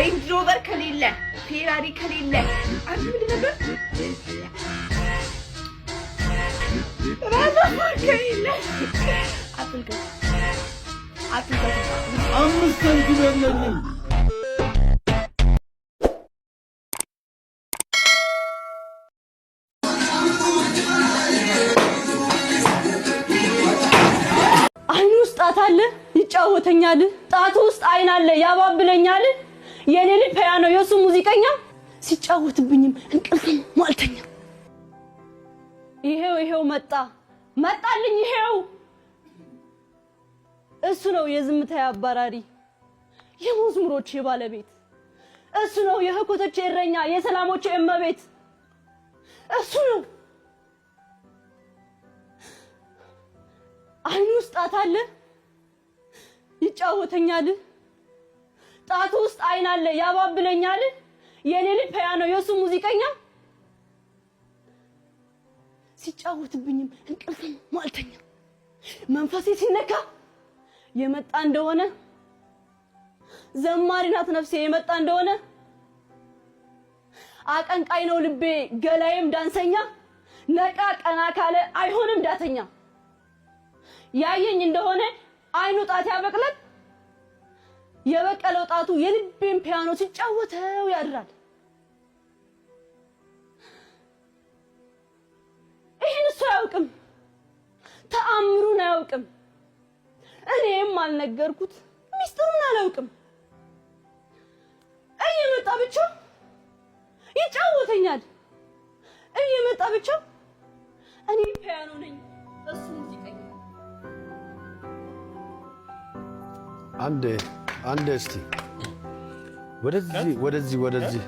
ሬንጅ ሮቨር ከሌለ ፌራሪ ከሌለ አይን ውስጥ ጣት አለ፣ ይጫወተኛል። ጣቱ ውስጥ አይን አለ፣ ያባብለኛል። የእኔ ልጅ ፒያኖ የእሱ ሙዚቀኛ ሲጫወትብኝም እንቅልፍም ማልተኛ። ይሄው ይሄው መጣ መጣልኝ ይሄው እሱ ነው የዝምታዬ አባራሪ የመዝሙሮቼ ባለቤት እሱ ነው የህኮቶቼ እረኛ የሰላሞቼ እመቤት እሱ ነው አይኑ ውስጥ ጣት ይጫወተኛል ጣቱ ውስጥ አይን አለ ያባብለኛል። የኔ ልጅ ፒያኖ የሱ ሙዚቀኛ ሲጫወትብኝም እንቅልፍም ማልተኛ መንፈሴ ሲነካ የመጣ እንደሆነ ዘማሪ ናት ነፍሴ የመጣ እንደሆነ አቀንቃይ ነው ልቤ ገላዬም ዳንሰኛ ነቃ ቀና ካለ አይሆንም ዳተኛ ያየኝ እንደሆነ አይኑ ጣት ያበቅላል የበቀለ ወጣቱ የልቤን ፒያኖ ሲጫወተው ያድራል። ይህን እሱ አያውቅም፣ ተአምሩን አያውቅም፣ እኔም አልነገርኩት፣ ሚስጥሩን አላውቅም። እየመጣ ብቻ ይጫወተኛል፣ እየመጣ ብቻ እኔ ፒያኖ ነኝ፣ እሱ ሙዚቀኛ አንዴ አንዴ እስቲ ወደዚህ ወደዚህ ወደዚህ።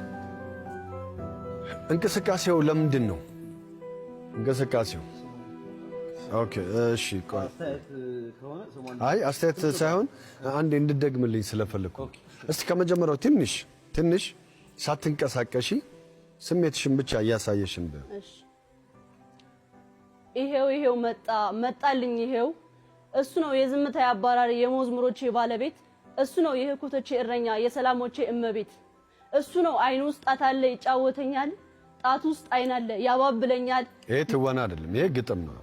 እንቅስቃሴው ለምንድን ነው እንቅስቃሴው? ኦኬ እሺ። አይ አስተያየት ሳይሆን አንዴ እንድደግምልኝ ስለፈለኩ እስቲ ከመጀመሪያው ትንሽ ትንሽ ሳትንቀሳቀሺ ስሜትሽን ብቻ እያሳየሽን ይሄው ይሄው መጣ መጣልኝ ይሄው እሱ ነው የዝምታ አባራሪ የመዝሙሮቼ ባለቤት እሱ ነው የህኩቶቼ እረኛ የሰላሞቼ እመቤት እሱ ነው አይኑ ውስጥ ጣት አለ ይጫወተኛል ጣት ውስጥ አይን አለ ያባብለኛል። ይሄ ትወና አይደለም፣ ይሄ ግጥም ነው።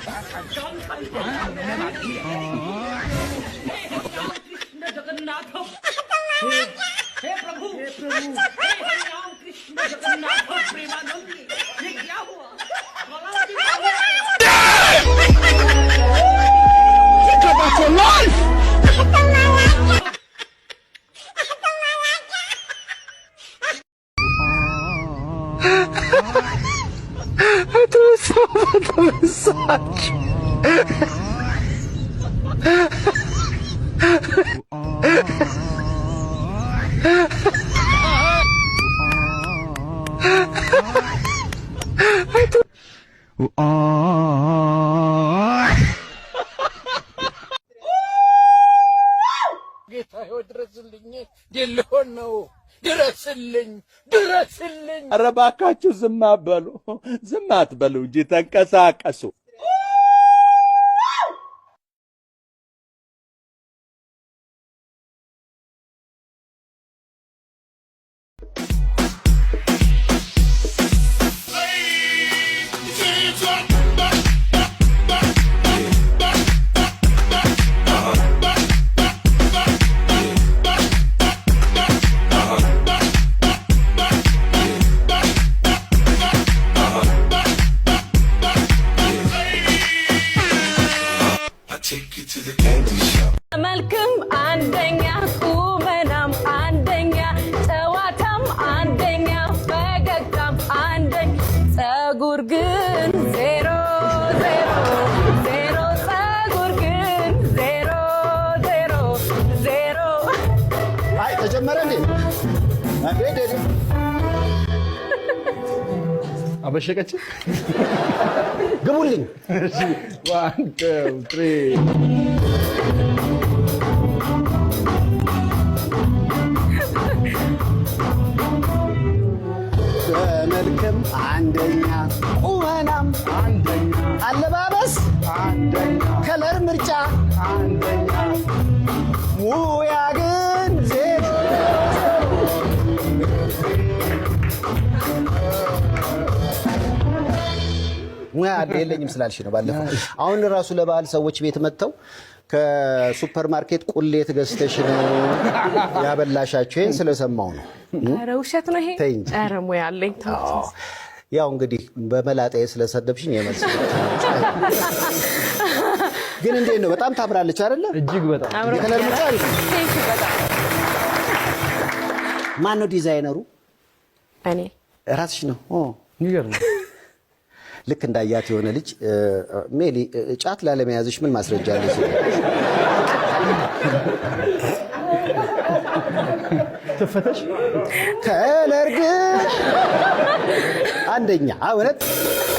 जगन्नाथ हे प्रभु हे प्रभु हे राम कृष्ण जगन्नाथ प्रेमानंद свобода висач. ጌታ ወድረስልኝ የለሆን ነው ድረስልኝ ድረስልኝ! ኧረ እባካችሁ ዝም አትበሉ፣ ዝም አትበሉ እንጂ ተንቀሳቀሱ። አበሸቀች። ግቡልኝ ሙያ አለ የለኝም ስላልሽ ነው። ባለፈው አሁን ራሱ ለበዓል ሰዎች ቤት መጥተው ከሱፐርማርኬት ቁሌት ገዝተሽ ነው ያበላሻቸው። ይህን ስለሰማው ነው። ኧረ ውሸት ነው ይሄ። ተይ ኧረ ሙያ አለኝ። ያው እንግዲህ በመላጣዬ ስለሰደብሽኝ የመልስ ግን እንዴት ነው? በጣም ታምራለች አይደለ? እጅግ በጣም የከለር ምርጫ ማን ነው ዲዛይነሩ? እኔ ራስሽ ነው? ይገርም ልክ እንዳያት የሆነ ልጅ ሜሊ ጫት ላለመያዝሽ ምን ማስረጃ አለ? ተፈተሽ ከለርግ አንደኛ እውነት